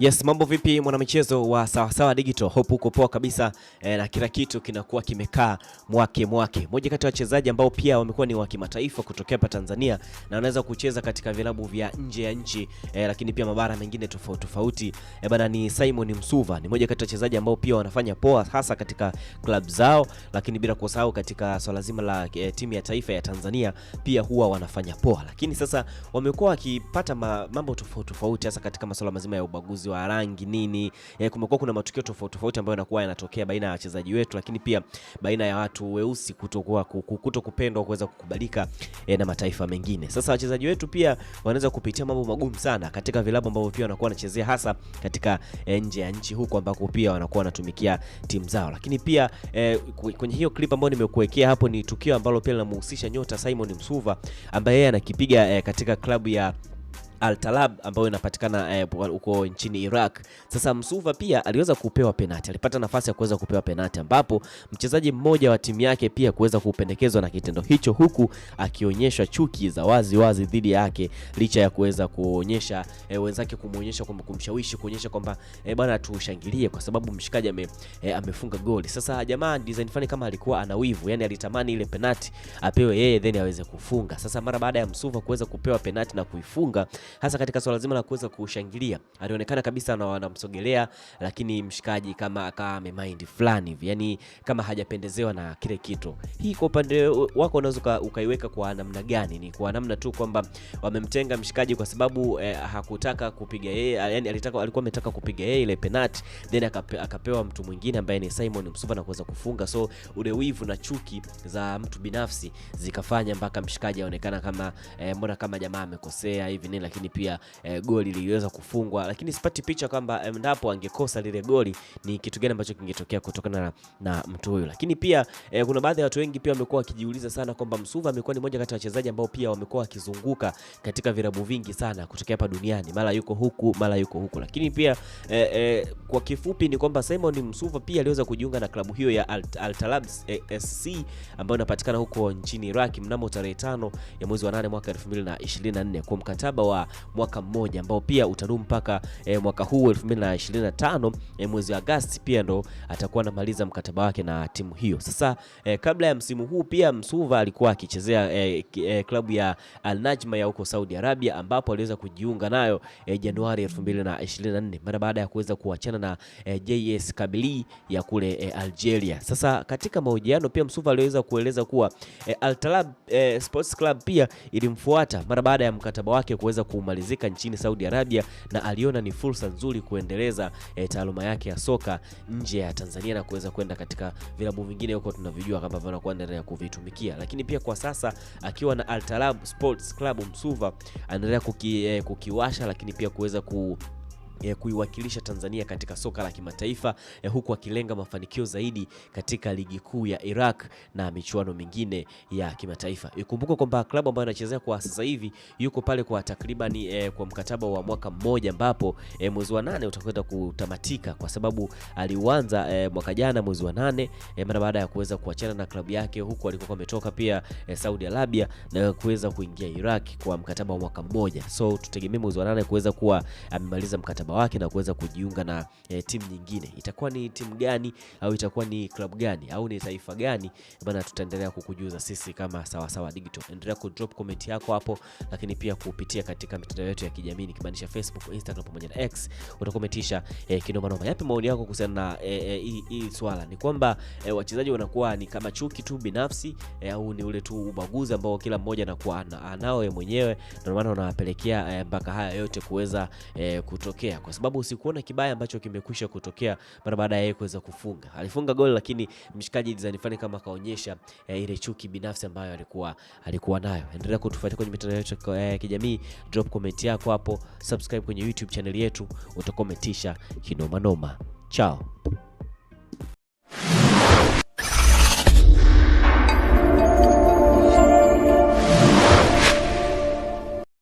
Yes, mambo vipi mwanamichezo wa Sawasawa Digital. Hope uko poa kabisa eh, na kila kitu kinakuwa kimekaa mwake mwake. Moja kati ya wachezaji ambao pia wamekuwa ni wa kimataifa kutokea hapa Tanzania na wanaweza kucheza katika vilabu vya nje ya nchi eh, lakini pia mabara mengine tofauti tofauti. Eh, bana ni Simon Msuva. Ni moja kati ya wachezaji ambao pia wanafanya poa hasa katika club zao, lakini bila kusahau katika swala zima la eh, timu ya taifa ya Tanzania pia huwa wanafanya poa. Lakini sasa wamekuwa wakipata mambo tofauti tofauti hasa katika masuala mazima ya ubaguzi wa rangi nini. E, kumekuwa kuna matukio tofauti tofauti ambayo yanakuwa yanatokea baina ya wachezaji wetu, lakini pia baina ya watu weusi kutokuwa kuto kupendwa kuweza kukubalika e, na mataifa mengine. Sasa wachezaji wetu pia wanaweza kupitia mambo magumu sana katika vilabu ambavyo pia wanakuwa wanachezea, hasa katika e, nje ya nchi huko ambako pia wanakuwa wanatumikia timu zao, lakini pia e, kwenye hiyo clip ambayo nimekuwekea hapo ni tukio ambalo pia linamhusisha nyota Simon Msuva ambaye yeye anakipiga e, katika klabu ya Al Talab ambayo inapatikana eh, huko eh, nchini Iraq. Sasa Msuva pia aliweza kupewa penati, alipata nafasi ya kuweza kupewa penati ambapo mchezaji mmoja wa timu yake pia kuweza kupendekezwa na kitendo hicho, huku akionyesha chuki za wazi wazi dhidi yake, licha ya kuweza kuonyesha eh, wenzake kumuonyesha kwamba kumshawishi kuonyesha kwamba eh, bwana tushangilie kwa sababu mshikaji ame, eh, amefunga goli. Sasa jamaa design fani kama alikuwa ana wivu, yani alitamani ile penati apewe yeye then aweze kufunga. Sasa mara baada ya Msuva kuweza kupewa penati na kuifunga hasa katika swala zima la kuweza kushangilia. Alionekana kabisa na wanamsogelea, lakini mshikaji kama akawa amemind fulani hivi, yani kama hajapendezewa na kile kitu. Hii kwa upande wako unaweza ukaiweka kwa namna gani? Ni kwa namna tu kwamba wamemtenga mshikaji kwa sababu eh, hakutaka kupiga yeye, yani alitaka, alikuwa ametaka kupiga yeye ile penalti, then akape, akapewa mtu mwingine ambaye ni Simon Msuva na kuweza kufunga. So ule wivu na chuki za mtu binafsi zikafanya mpaka mshikaji aonekana kama eh, mbona kama jamaa amekosea hivi nini, lakini lakini pia e, goli liliweza kufungwa, lakini sipati picha kwamba endapo eh, angekosa lile goli ni kitu gani ambacho kingetokea kutokana na, na mtu huyu. Lakini pia e, kuna baadhi ya watu wengi pia wamekuwa wakijiuliza sana kwamba Msuva amekuwa ni moja kati ya wachezaji ambao pia wamekuwa wakizunguka katika virabu vingi sana kutokea hapa duniani, mara yuko huku mara yuko huku, lakini pia e, e, kwa kifupi ni kwamba Simon Msuva pia aliweza kujiunga na klabu hiyo ya Al, Al Talab SC ambayo inapatikana huko nchini Iraq mnamo tarehe 5 ya mwezi wa 8 mwaka 2024 kwa mkataba wa mwaka mmoja ambao pia utadumu mpaka e, mwaka huu 2025 e, eh, mwezi Agosti pia ndo atakuwa anamaliza mkataba wake na timu hiyo. Sasa e, kabla ya msimu huu pia Msuva alikuwa akichezea e, e, klabu ya Al Najma ya huko Saudi Arabia ambapo aliweza kujiunga nayo e, Januari 2024 mara baada ya kuweza kuachana na e, JS Kabili ya kule e, Algeria. Sasa katika mahojiano pia Msuva aliweza kueleza kuwa e, Al Talab e, Sports Club pia ilimfuata mara baada ya mkataba wake kuweza ku kumalizika nchini Saudi Arabia na aliona ni fursa nzuri kuendeleza e, taaluma yake ya soka nje ya Tanzania na kuweza kwenda katika vilabu vingine huko tunavyojua kama anakuwa anaendelea kuvitumikia, lakini pia kwa sasa akiwa na Al Talab Sports Club Msuva anaendelea kuki, e, kukiwasha lakini pia kuweza ku ya eh, kuiwakilisha Tanzania katika soka la kimataifa eh, huku akilenga mafanikio zaidi katika ligi kuu ya Iraq na michuano mingine ya kimataifa. Ikumbuke kwamba klabu ambayo anachezea kwa sasa hivi yuko pale kwa takriban eh, kwa mkataba wa mwaka mmoja ambapo eh, mwezi wa nane utakwenda kutamatika kwa sababu aliuanza eh, mwaka jana mwezi wa nane eh, mara baada ya kuweza kuachana na klabu yake huku alikokuwa ametoka pia eh, Saudi Arabia na kuweza kuingia Iraq kwa mkataba wa mwaka mmoja. So tutegemee mwezi wa nane kuweza kuwa amemaliza mkataba wanachama wake na kuweza kujiunga na e, timu nyingine. Itakuwa ni timu gani au itakuwa ni klabu gani au ni taifa gani bana, tutaendelea kukujuza sisi kama Sawasawa Digital. Endelea ku drop comment yako hapo, lakini pia kupitia katika mitandao yetu ya kijamii nikimaanisha Facebook, Instagram pamoja na X, utakometisha e, eh, kinoma noma. Yapi maoni yako kuhusiana na eh, hii e, e, swala? Ni kwamba e, wachezaji wanakuwa ni kama chuki tu binafsi e, au ni ule tu ubaguzi ambao kila mmoja anakuwa anao mwenyewe, ndio maana unawapelekea mpaka e, haya yote kuweza e, kutokea kwa sababu usikuona kibaya ambacho kimekwisha kutokea mara baada ya yeye kuweza kufunga. Alifunga goli, lakini mshikaji design fani kama kaonyesha eh, ile chuki binafsi ambayo alikuwa alikuwa nayo. Endelea kutufuatilia kwenye mitandao yetu ya eh, kijamii, drop comment yako hapo, subscribe kwenye YouTube channel yetu, utakometisha kinoma noma. Chao.